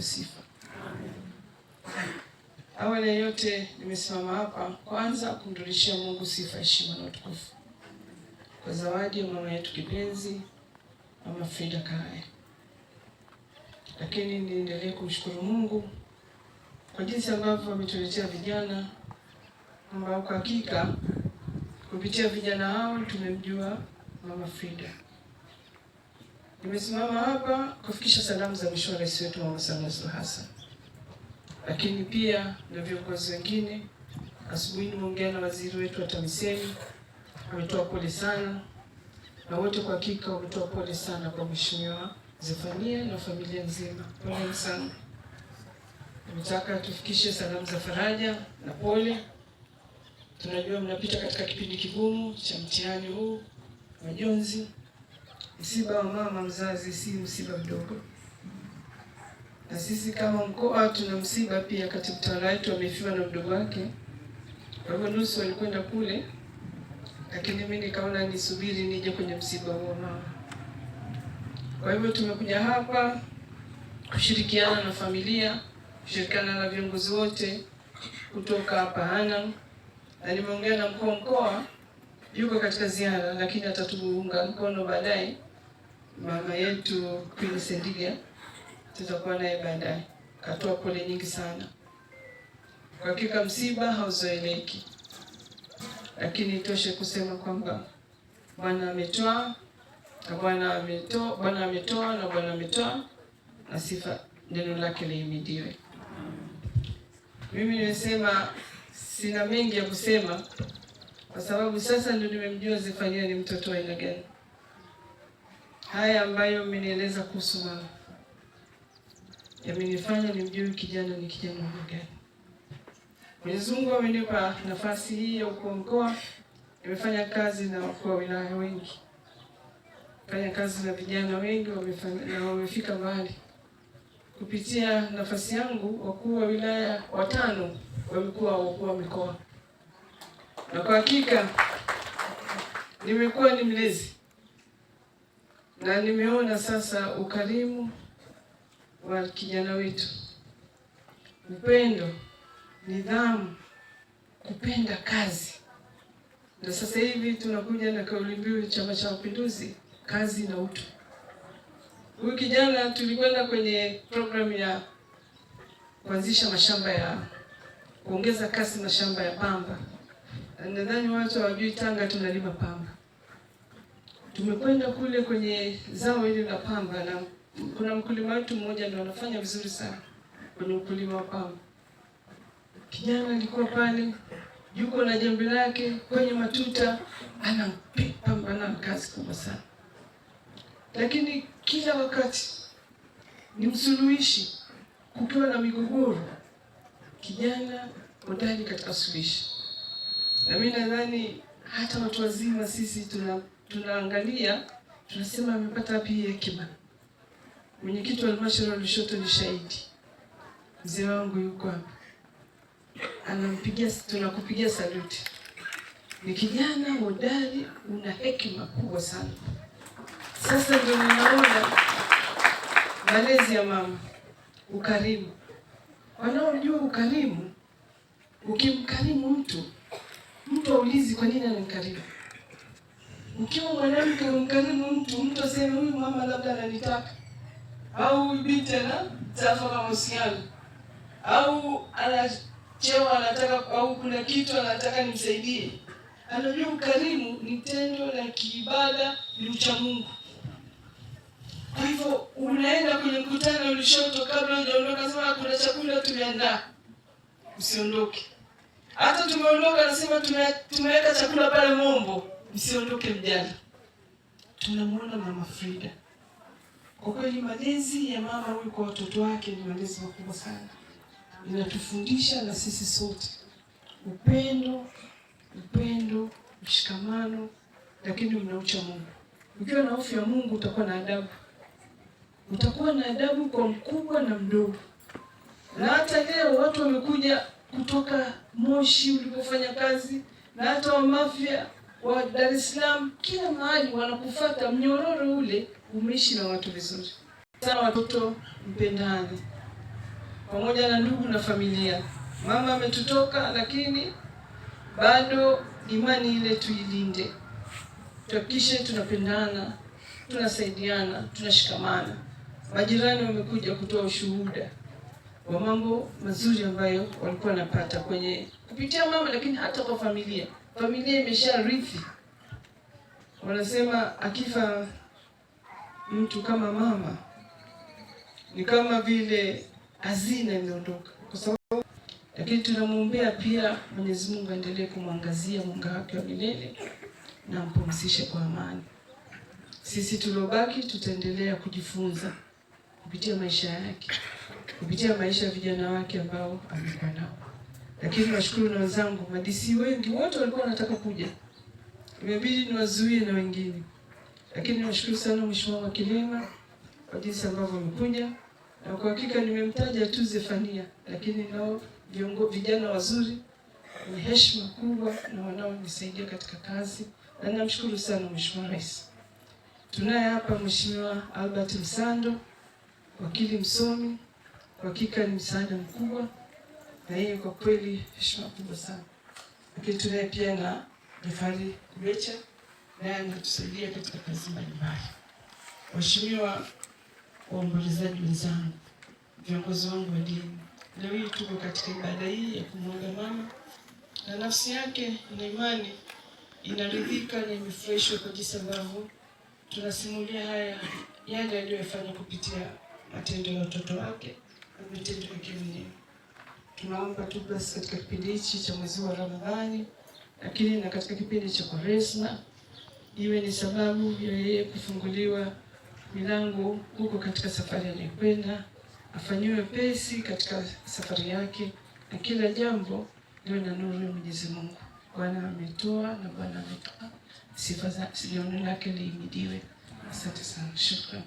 Sifa. Awali ya yote nimesimama hapa kwanza kumrudishia Mungu sifa, heshima na utukufu kwa zawadi ya mama yetu kipenzi, Mama Frida Kaaya, lakini niendelee kumshukuru Mungu kwa jinsi ambavyo ametuletea vijana ambao kwa hakika kupitia vijana hao tumemjua Mama Frida. Nimesimama hapa kufikisha salamu za mheshimiwa rais wetu Mama Samia Suluhu Hassan, lakini pia na viongozi wengine. Asubuhi nimeongea na waziri wetu wa TAMISEMI, ametoa pole sana, na wote kwa hakika wametoa pole sana kwa mheshimiwa Zefania na familia nzima, pole sana. Nimetaka tufikishe salamu za faraja na pole. Tunajua mnapita katika kipindi kigumu cha mtihani huu majonzi Msiba wa mama mzazi si msiba mdogo, na sisi kama mkoa tuna msiba pia. Katibu tawala wetu amefiwa na mdogo wake, kwa hivyo nusu walikwenda kule, lakini mimi nikaona nisubiri nije kwenye msiba huo mama. Kwa hivyo tumekuja hapa kushirikiana na familia, kushirikiana na viongozi wote kutoka hapa Hanang, na nimeongea na mkuu wa mkoa yuko katika ziara, lakini atatuunga mkono baadaye mama yetu Queen Sendiga, tutakuwa naye baadaye. Katoa pole nyingi sana kwa hakika, msiba hauzoeleki, lakini itoshe kusema kwamba Bwana ametoa na Bwana ametoa, Bwana ametoa na Bwana ametoa, na sifa neno lake lihimidiwe. Mimi nimesema sina mengi ya kusema kwa sababu sasa ndio nimemjua Zefania ni mtoto wa aina gani haya ambayo mmenieleza kuhusu wao yamenifanya mjui kijana ni kijana gani. Mwenyezi Mungu amenipa nafasi hii ya ukuu wa mkoa, nimefanya kazi na wakuu wa wilaya wengi, fanya kazi na vijana wengi na wamefika mbali. Kupitia nafasi yangu, wakuu wa wilaya watano wamekuwa wakuu wa mikoa, na kwa hakika nimekuwa ni mlezi na nimeona sasa ukarimu wa kijana wetu, upendo, nidhamu, kupenda kazi. Na sasa hivi tunakuja na kauli mbiu Chama cha Mapinduzi, kazi na utu. Huyu kijana tulikwenda kwenye programu ya kuanzisha mashamba ya kuongeza kasi mashamba ya pamba, nadhani watu hawajui Tanga tunalima pamba tumekwenda kule kwenye zao hili la pamba, na kuna mkulima wetu mmoja ndio anafanya vizuri sana kwenye ukulima wa pamba. Kijana alikuwa pale yuko na jembe lake kwenye matuta, anapambana kazi kubwa sana, lakini kila wakati ni msuluhishi. Kukiwa na migogoro, kijana hodari katika suluhishi, na mimi nadhani hata watu wazima sisi tuna, tunaangalia tunasema amepata wapi hii hekima. Mwenyekiti wa halmashauri lishoto Lushoto ni shahidi, mzee wangu yuko hapa, anampigia, tunakupigia saluti. Ni kijana hodari, una hekima kubwa sana. Sasa ndio ninaona malezi ya mama, ukarimu. Wanaojua ukarimu, ukimkarimu mtu ulizi kwa nini anamkaribu. Ukiwa mwanamke umkaribu mtu, mtu aseme huyu mama labda ananitaka au huyu binti kama mahusiano au anachewa, anataka au kuna kitu anataka nimsaidie. Anajua ukarimu ni tendo la kiibada, ni ucha Mungu. Kwa hivyo unaenda kwenye mkutano ulishoto, kabla hujaondoka, sema kuna chakula tumeandaa, usiondoke. Hata tumeondoka nasema tumeweka chakula pale Mombo, msiondoke mjana. tunamwona mama Frida. Kwa kweli malezi ya mama huyu kwa watoto wake ni malezi makubwa sana, inatufundisha na sisi sote upendo, upendo, mshikamano, lakini mnaucha Mungu. Ukiwa na hofu ya Mungu utakuwa na adabu, utakuwa na adabu kwa mkubwa na mdogo. Na hata leo watu wamekuja kutoka Moshi ulipofanya kazi na hata wa Mafia wa Dar es Salaam, kila mahali wanakufuata, mnyororo ule umeishi na watu vizuri sana. Watoto mpendane pamoja na ndugu na familia. Mama ametutoka, lakini bado imani ile tuilinde, tuhakikishe tunapendana, tunasaidiana, tunashikamana. Majirani wamekuja kutoa ushuhuda kwa mambo mazuri ambayo walikuwa wanapata kwenye kupitia mama, lakini hata kwa familia. Familia imesha rithi wanasema akifa mtu kama mama ni kama vile hazina imeondoka, kwa sababu lakini tunamwombea pia Mwenyezi Mungu aendelee kumwangazia mwanga wake wa milele na mpumzishe kwa amani. Sisi tuliobaki tutaendelea kujifunza kupitia maisha yake kupitia maisha ya vijana wake ambao amekuwa nao. Lakini nashukuru na wenzangu madisi wengi wote walikuwa wanataka kuja, imebidi niwazuie na wengine, lakini nashukuru sana mheshimiwa Kilima kwa jinsi ambavyo amekuja, na kwa hakika nimemtaja tu Zefania, lakini nao viongo, vijana wazuri ni heshima kubwa na wanaonisaidia katika kazi, na namshukuru sana mheshimiwa rais. Tunaye hapa mheshimiwa Albert Msando, wakili msomi kwa hakika ni msaada mkubwa, na hiyo kwa kweli heshima kubwa sana. Lakini tunaye pia na Jafari Kubecha, naye anatusaidia katika kazi mbalimbali. Waheshimiwa waombolezaji wenzangu, viongozi wangu wa dini, leo hii tuko katika ibada hii ya kumwaga mama, na nafsi yake na imani inaridhika na imefurahishwa kwa jinsi ambavyo tunasimulia haya yale aliyoyafanya kupitia matendo ya watoto wake Tunaomba tu basi katika kipindi hichi cha mwezi wa Ramadhani, lakini na katika kipindi cha Kwaresma iwe ni sababu ya yeye kufunguliwa milango huko katika safari anayokwenda, afanyiwe pesi katika safari yake, na kila jambo liwe na nuru ya Mwenyezi Mungu. Bwana ametoa na Bwana ametoa, sifa za neno lake liimidiwe. Asante sana, shukrani.